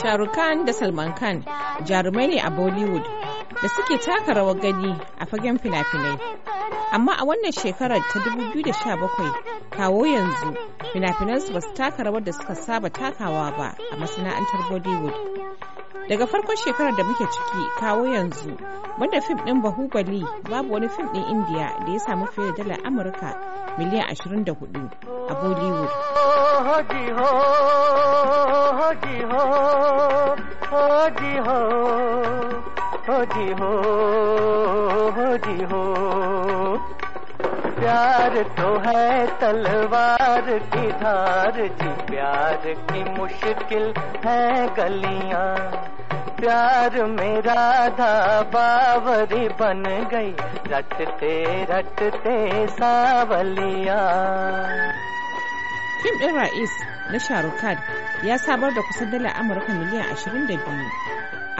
Sharukan da Salman Khan jarumai ne a Bollywood da suke taka rawar gani a fagen fina-finai. Amma a wannan shekarar ta 2017 kawo yanzu fina-finansu ba su taka rawar da suka saba takawa ba a masana'antar Bollywood. daga farkon shekarar da muke ciki kawo yanzu banda fim ɗin bahubali babu wani fim ɗin indiya da ya samu fiye da dalar amurka miliyan 24 a bollywood ho प्यार तो है तलवार की धार जी प्यार की मुश्किल है गलियां प्यार मेरा धा बन गई रटते रटते Savaliya Fim ɗin Ra'is na Shahrukh Khan ya samar da kusan dala Amurka miliyan 22,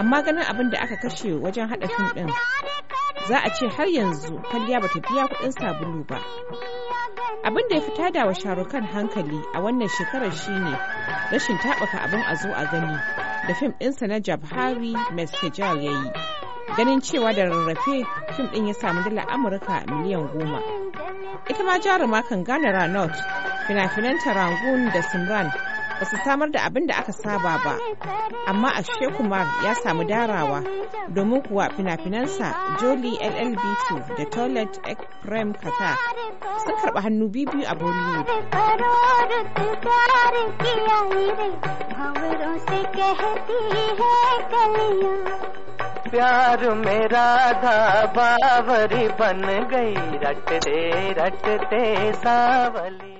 amma ganin abin da aka kashe wajen haɗa fim ɗin za a ce har yanzu kwalliya bata biya kuɗin sabulu ba abin da ya fita da wa sharukan hankali a wannan shekarar shine rashin taɓaka abin a zo a gani da fim ɗinsa na jabhari meskejar ya yi ganin cewa da rarrafe fim ɗin ya samu dala amurka miliyan goma ita ma jaruma kan gane ranaut fina-finan tarangun da simran ba su samar da abin da aka saba ba amma ashe kumar ya samu darawa domin kuwa fina-finansa joli llb2 da toilet prem kasa sun karba hannu biyu a bollywood प्यार मेरा था बावरी बन गई सावली